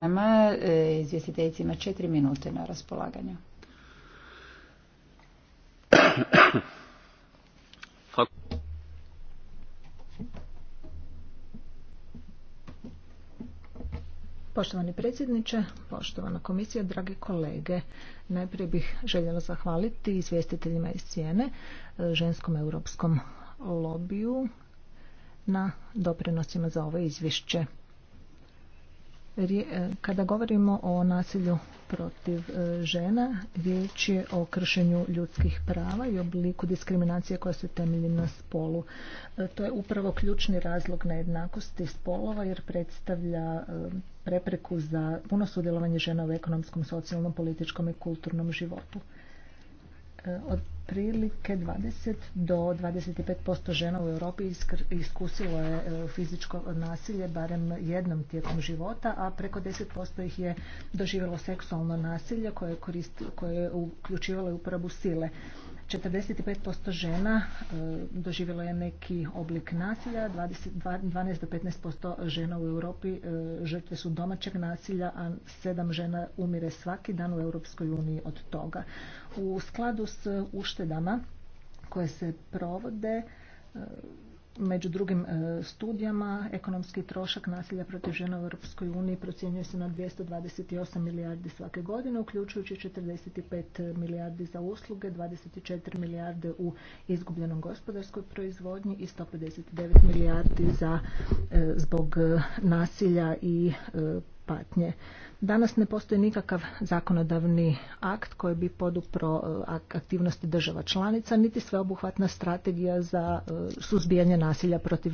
nama e, izvjestiteljicima ima četiri minute na raspolaganju. Poštovani predsjedniče, poštovana komisija, dragi kolege, najprije bih željela zahvaliti izvjestiteljima iz cijene, ženskom europskom lobiju na doprinosima za ovo izvješće. E, kada govorimo o nasilju protiv e, žena, riječ je o kršenju ljudskih prava i obliku diskriminacije koja se temelji na spolu. E, to je upravo ključni razlog nejednakosti spolova jer predstavlja prepreku za puno sudjelovanje žena u ekonomskom, socijalnom, političkom i kulturnom životu. E, otprilike 20 do 25% žena u Europi iskusilo je e, fizičko nasilje barem jednom tijekom života, a preko 10% ih je doživjelo seksualno nasilje koje je, koje je uključivalo uporabu sile. 45% žena e, doživjelo je neki oblik nasilja, 12 do 15% žena u Europi e, žrtve su domaćeg nasilja, a 7 žena umire svaki dan u Europskoj uniji od toga. U skladu s uštedama koje se provode e, Među drugim e, studijama ekonomski trošak nasilja protiv žena u Europskoj uniji procjenjuje se na 228 milijardi svake godine, uključujući 45 milijardi za usluge, 24 milijarde u izgubljenom gospodarskoj proizvodnji i 159 milijardi za e, zbog e, nasilja i patnje. Danas ne postoji nikakav zakonodavni akt koji bi podupro e, aktivnosti država članica, niti sveobuhvatna strategija za e, suzbijanje nasilja protiv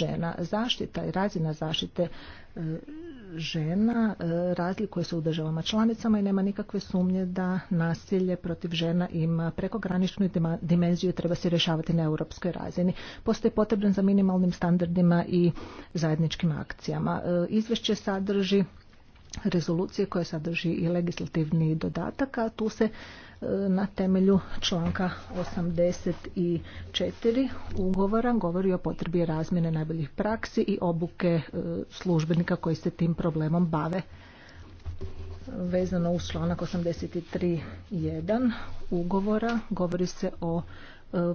žena. Zaštita i razina zaštite e, žena e, razlikuje se u državama članicama i nema nikakve sumnje da nasilje protiv žena ima prekograničnu dimenziju i treba se rješavati na europskoj razini. Postoji potreban za minimalnim standardima i zajedničkim akcijama. E, izvješće sadrži rezolucije koje sadrži i legislativni dodatak, a tu se na temelju članka 84 ugovora govori o potrebi razmjene najboljih praksi i obuke e, službenika koji se tim problemom bave. Vezano uz članak 83.1 ugovora govori se o e,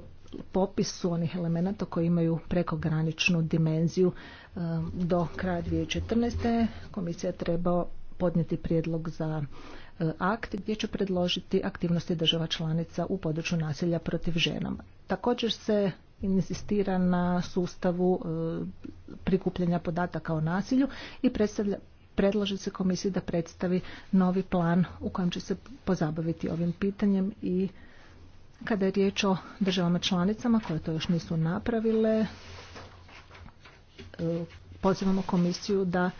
popisu onih elemenata koji imaju prekograničnu dimenziju e, do kraja 2014. Komisija treba podnijeti prijedlog za E, akt gdje će predložiti aktivnosti država članica u području nasilja protiv ženama. Također se insistira na sustavu e, prikupljanja podataka o nasilju i predstavlja predlaže se komisiji da predstavi novi plan u kojem će se pozabaviti ovim pitanjem i kada je riječ o državama članicama koje to još nisu napravile, e, pozivamo komisiju da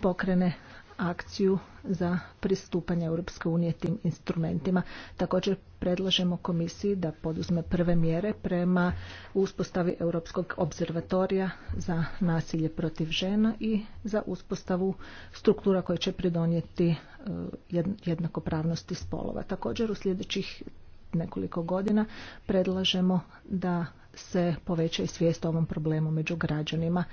pokrene akciju za pristupanje Europske unije tim instrumentima. Također predlažemo komisiji da poduzme prve mjere prema uspostavi Europskog observatorija za nasilje protiv žena i za uspostavu struktura koje će pridonijeti e, jednakopravnosti spolova. Također u sljedećih nekoliko godina predlažemo da se poveća i svijest o ovom problemu među građanima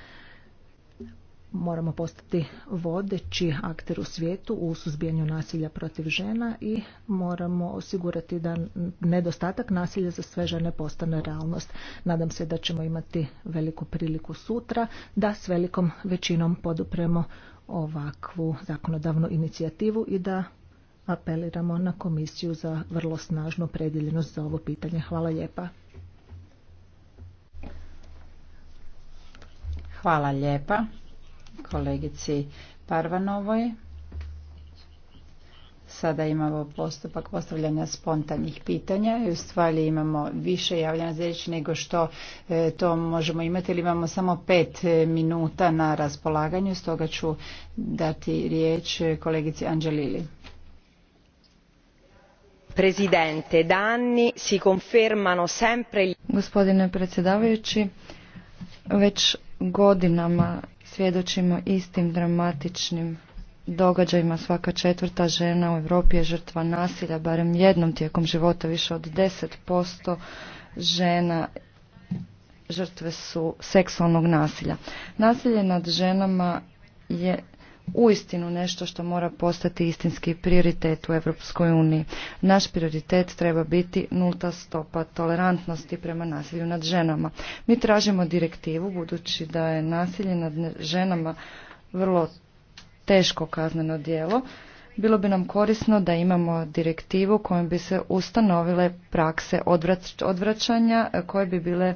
moramo postati vodeći akter u svijetu u suzbijanju nasilja protiv žena i moramo osigurati da nedostatak nasilja za sve žene postane realnost. Nadam se da ćemo imati veliku priliku sutra da s velikom većinom podupremo ovakvu zakonodavnu inicijativu i da apeliramo na komisiju za vrlo snažnu predjeljenost za ovo pitanje. Hvala lijepa. Hvala lijepa kolegici Parvanovoj. Sada imamo postupak postavljanja spontanih pitanja i u stvari imamo više javljanja za riječ nego što e, to možemo imati ili imamo samo pet e, minuta na raspolaganju, stoga ću dati riječ kolegici Anđelili. Presidente, da si sempre... Gospodine predsjedavajući, već godinama svjedočimo istim dramatičnim događajima svaka četvrta žena u Europi je žrtva nasilja, barem jednom tijekom života više od 10% žena žrtve su seksualnog nasilja. Nasilje nad ženama je uistinu nešto što mora postati istinski prioritet u Europskoj uniji. Naš prioritet treba biti nulta stopa tolerantnosti prema nasilju nad ženama. Mi tražimo direktivu budući da je nasilje nad ženama vrlo teško kazneno djelo. Bilo bi nam korisno da imamo direktivu kojom bi se ustanovile prakse odvraćanja koje bi bile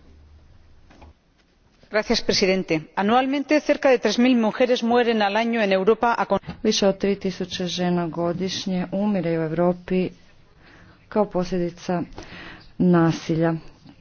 señor presidente anualmente cerca de tres mil mujeres mueren al año en europa a više od tri tisuće žena godišnje umire u europi kao posljedica nasilja.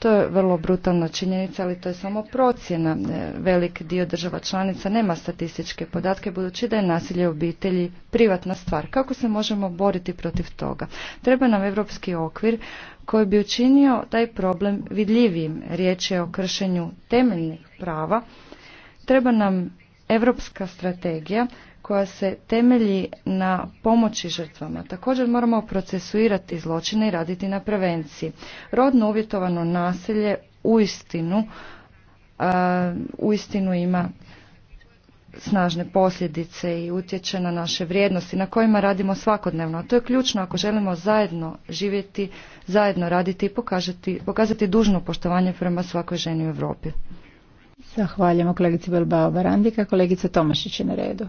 To je vrlo brutalna činjenica, ali to je samo procjena. E, velik dio država članica nema statističke podatke budući da je nasilje u obitelji privatna stvar. Kako se možemo boriti protiv toga? Treba nam europski okvir koji bi učinio taj problem vidljivijim. Riječ je o kršenju temeljnih prava. Treba nam europska strategija koja se temelji na pomoći žrtvama. Također moramo procesuirati zločine i raditi na prevenciji. Rodno uvjetovano nasilje uistinu uistinu ima snažne posljedice i utječe na naše vrijednosti na kojima radimo svakodnevno. A to je ključno ako želimo zajedno živjeti, zajedno raditi i pokazati, pokazati dužno poštovanje prema svakoj ženi u Europi. Zahvaljujemo kolegici Belbao Barandika, kolegica Tomašić je na redu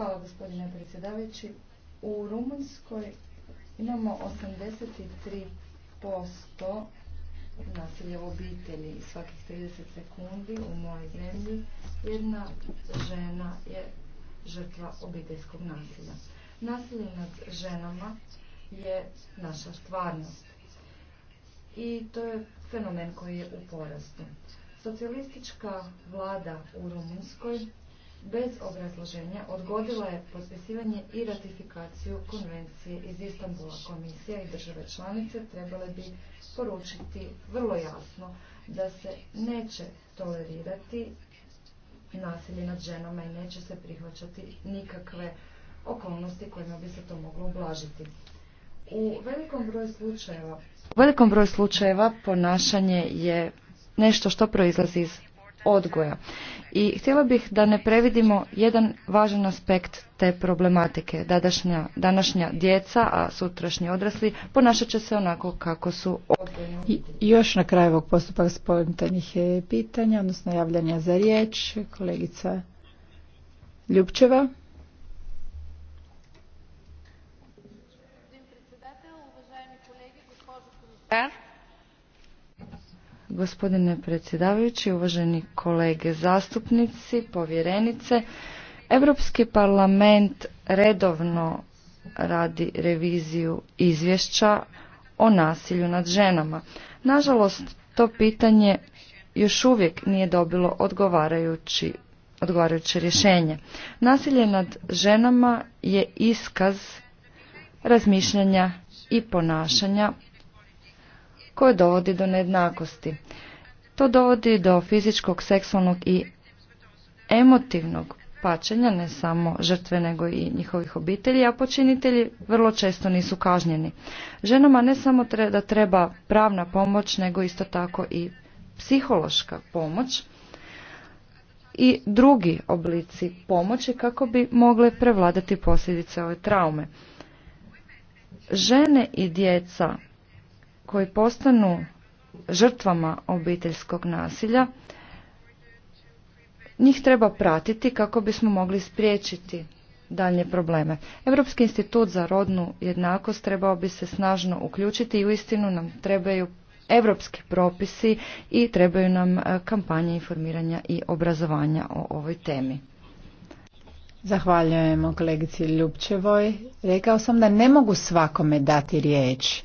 Hvala gospodine predsjedavajući. U Rumunjskoj imamo 83% nasilja u obitelji. Svakih 30 sekundi u mojoj zemlji jedna žena je žrtva obiteljskog nasilja. Nasilje nad ženama je naša stvarnost. I to je fenomen koji je u porastu. Socijalistička vlada u Rumunjskoj bez obrazloženja odgodila je potpisivanje i ratifikaciju konvencije iz Istanbula. Komisija i države članice trebale bi poručiti vrlo jasno da se neće tolerirati nasilje nad ženama i neće se prihvaćati nikakve okolnosti kojima bi se to moglo ublažiti. U velikom broju slučajeva u velikom broju slučajeva ponašanje je nešto što proizlazi iz odgoja i htjela bih da ne previdimo jedan važan aspekt te problematike. Dadašnja, današnja djeca, a sutrašnji odrasli, ponašat će se onako kako su odgojeni. Još na kraju ovog postupaka spontanih e, pitanja, odnosno javljanja za riječ, kolegica Ljubčeva. Gospodin Gospodine predsjedavajući, uvaženi kolege zastupnici, povjerenice, Europski parlament redovno radi reviziju izvješća o nasilju nad ženama. Nažalost, to pitanje još uvijek nije dobilo odgovarajući odgovarajuće rješenje. Nasilje nad ženama je iskaz razmišljanja i ponašanja koje dovodi do nejednakosti. To dovodi do fizičkog, seksualnog i emotivnog pačenja, ne samo žrtve nego i njihovih obitelji, a počinitelji vrlo često nisu kažnjeni. Ženama ne samo da treba pravna pomoć, nego isto tako i psihološka pomoć i drugi oblici pomoći kako bi mogle prevladati posljedice ove traume. Žene i djeca koji postanu žrtvama obiteljskog nasilja, njih treba pratiti kako bismo mogli spriječiti daljnje probleme. Europski institut za rodnu jednakost trebao bi se snažno uključiti i uistinu nam trebaju europski propisi i trebaju nam e, kampanje informiranja i obrazovanja o ovoj temi. Zahvaljujemo kolegici Ljubčevoj. Rekao sam da ne mogu svakome dati riječ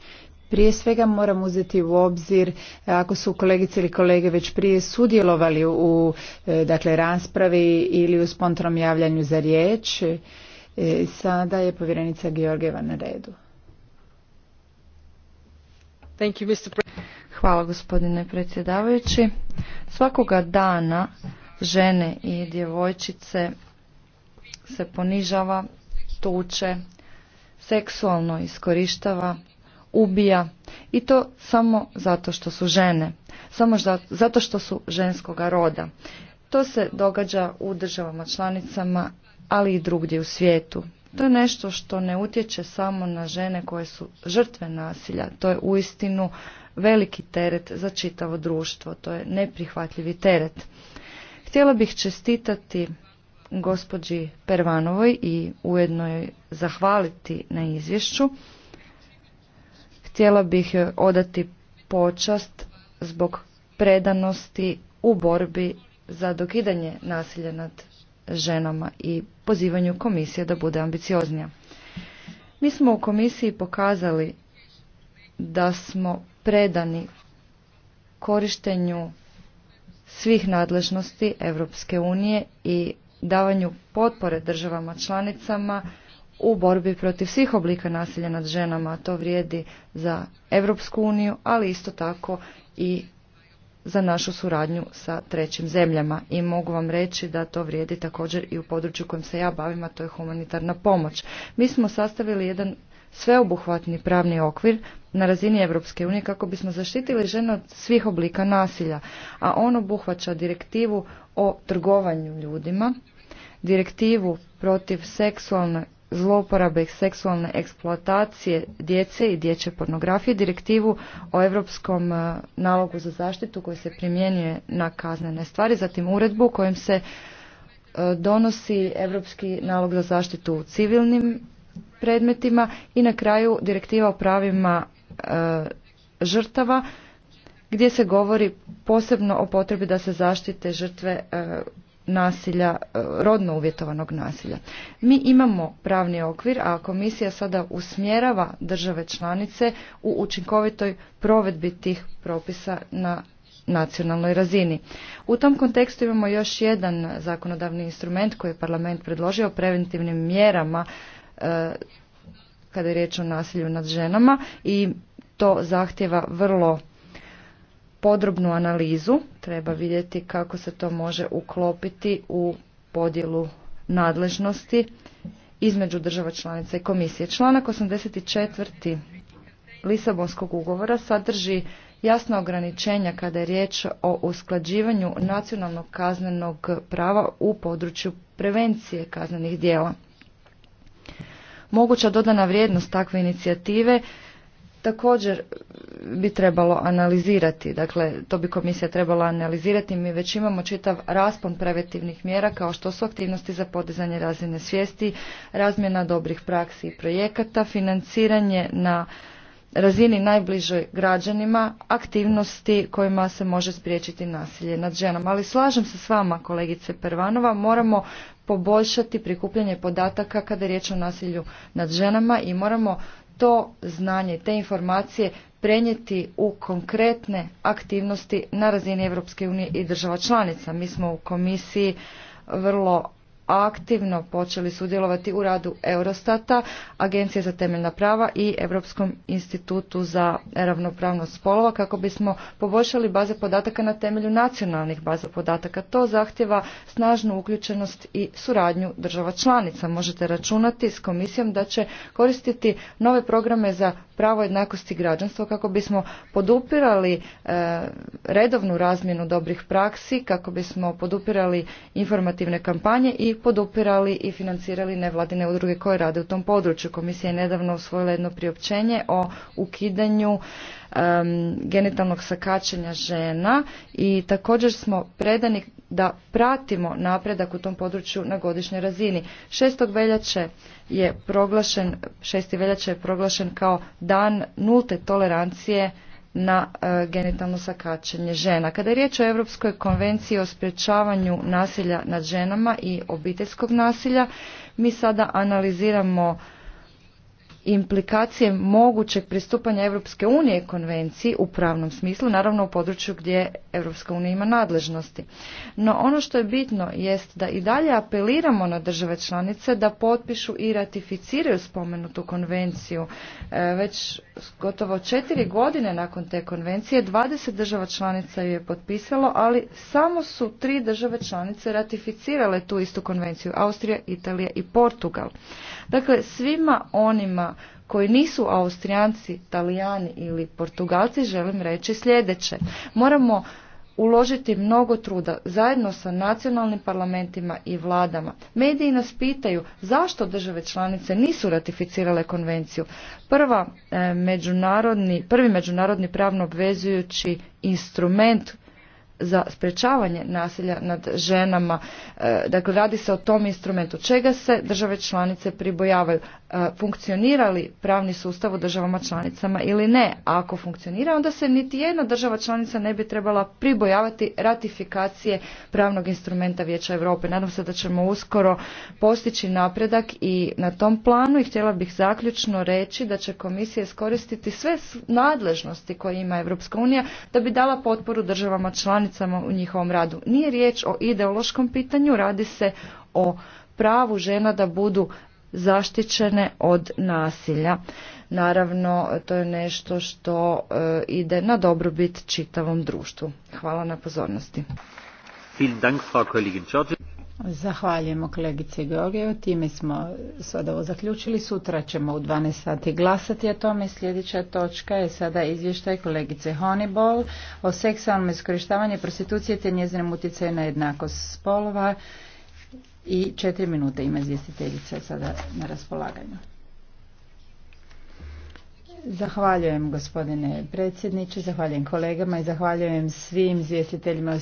prije svega moram uzeti u obzir e, ako su kolegice ili kolege već prije sudjelovali u e, dakle raspravi ili u spontanom javljanju za riječ. E, sada je povjerenica Georgeva na redu. Thank you, Mr. Hvala gospodine predsjedavajući. Svakoga dana žene i djevojčice se ponižava, tuče, seksualno iskorištava, ubija i to samo zato što su žene, samo zato što su ženskoga roda. To se događa u državama članicama, ali i drugdje u svijetu. To je nešto što ne utječe samo na žene koje su žrtve nasilja. To je uistinu veliki teret za čitavo društvo. To je neprihvatljivi teret. Htjela bih čestitati gospođi Pervanovoj i ujedno joj zahvaliti na izvješću. Htjela bih eh, odati počast zbog predanosti u borbi za dokidanje nasilja nad ženama i pozivanju komisije da bude ambicioznija. Mi smo u komisiji pokazali da smo predani korištenju svih nadležnosti Europske unije i davanju potpore državama članicama u borbi protiv svih oblika nasilja nad ženama. To vrijedi za Europsku uniju, ali isto tako i za našu suradnju sa trećim zemljama. I mogu vam reći da to vrijedi također i u području kojem se ja bavim, a to je humanitarna pomoć. Mi smo sastavili jedan sveobuhvatni pravni okvir na razini Europske unije kako bismo zaštitili žene od svih oblika nasilja, a on obuhvaća direktivu o trgovanju ljudima, direktivu protiv seksualne zlouporabe seksualne eksploatacije djece i dječje pornografije, direktivu o Europskom e, nalogu za zaštitu koji se primjenjuje na kaznene stvari, zatim uredbu kojom se e, donosi Europski nalog za zaštitu u civilnim predmetima i na kraju direktiva o pravima e, žrtava gdje se govori posebno o potrebi da se zaštite žrtve nasilja, e, rodno uvjetovanog nasilja. Mi imamo pravni okvir, a komisija sada usmjerava države članice u učinkovitoj provedbi tih propisa na nacionalnoj razini. U tom kontekstu imamo još jedan zakonodavni instrument koji je parlament predložio preventivnim mjerama e, kada je riječ o nasilju nad ženama i to zahtjeva vrlo podrobnu analizu, treba vidjeti kako se to može uklopiti u podjelu nadležnosti između država članica i komisije. Članak 84. Lisabonskog ugovora sadrži jasna ograničenja kada je riječ o usklađivanju nacionalnog kaznenog prava u području prevencije kaznenih djela. Moguća dodana vrijednost takve inicijative također bi trebalo analizirati. Dakle, to bi komisija trebala analizirati. Mi već imamo čitav raspon preventivnih mjera kao što su aktivnosti za podizanje razine svijesti, razmjena dobrih praksi i projekata, financiranje na razini najbližoj građanima, aktivnosti kojima se može spriječiti nasilje nad ženama. Ali slažem se s vama, kolegice Pervanova, moramo poboljšati prikupljanje podataka kada je riječ o nasilju nad ženama i moramo to znanje, te informacije prenijeti u konkretne aktivnosti na razini Europske unije i država članica. Mi smo u komisiji vrlo aktivno počeli sudjelovati u radu Eurostata, Agencije za temeljna prava i Europskom institutu za ravnopravnost spolova kako bismo poboljšali baze podataka na temelju nacionalnih baza podataka. To zahtjeva snažnu uključenost i suradnju država članica. Možete računati s komisijom da će koristiti nove programe za pravo jednakosti građanstva kako bismo podupirali e, redovnu razmjenu dobrih praksi, kako bismo podupirali informativne kampanje i podupirali i financirali nevladine udruge koje rade u tom području. Komisija je nedavno usvojila jedno priopćenje o ukidanju um, genitalnog sakačenja žena i također smo predani da pratimo napredak u tom području na godišnjoj razini. 6. veljače je proglašen 6. veljače je proglašen kao dan nulte tolerancije na e, genitalno sakačenje žena. Kada je riječ o Europskoj konvenciji o sprječavanju nasilja nad ženama i obiteljskog nasilja, mi sada analiziramo implikacije mogućeg pristupanja Europske unije konvenciji u pravnom smislu, naravno u području gdje Europska unija ima nadležnosti. No ono što je bitno jest da i dalje apeliramo na države članice da potpišu i ratificiraju spomenutu konvenciju. E, već gotovo četiri godine nakon te konvencije 20 država članica ju je potpisalo, ali samo su tri države članice ratificirale tu istu konvenciju, Austrija, Italija i Portugal. Dakle, svima onima koji nisu Austrijanci, Talijani ili Portugalci želim reći sljedeće. Moramo uložiti mnogo truda zajedno sa nacionalnim parlamentima i vladama. Mediji nas pitaju zašto države članice nisu ratificirale konvenciju. Prva, e, međunarodni, prvi međunarodni pravno obvezujući instrument za sprečavanje nasilja nad ženama. E, dakle, radi se o tom instrumentu čega se države članice pribojavaju. E, funkcionirali pravni sustav u državama članicama ili ne. A ako funkcionira, onda se niti jedna država članica ne bi trebala pribojavati ratifikacije pravnog instrumenta Vijeća Europe. Nadam se da ćemo uskoro postići napredak i na tom planu i htjela bih zaključno reći da će komisija iskoristiti sve nadležnosti koje ima Europska unija da bi dala potporu državama članicama u njihovom radu. Nije riječ o ideološkom pitanju, radi se o pravu žena da budu zaštićene od nasilja. Naravno, to je nešto što e, ide na dobrobit čitavom društvu. Hvala na pozornosti. Zahvaljujemo kolegice Georgiju. Time smo sada ovo zaključili. Sutra ćemo u 12 sati glasati o tome. Sljedeća točka je sada izvještaj kolegice Honeyball o seksualnom iskorištavanju prostitucije te njezinom utjecaju na jednakost spolova i četiri minute ima izvjestiteljica sada na raspolaganju. Zahvaljujem gospodine predsjedniče, zahvaljujem kolegama i zahvaljujem svim izvjestiteljima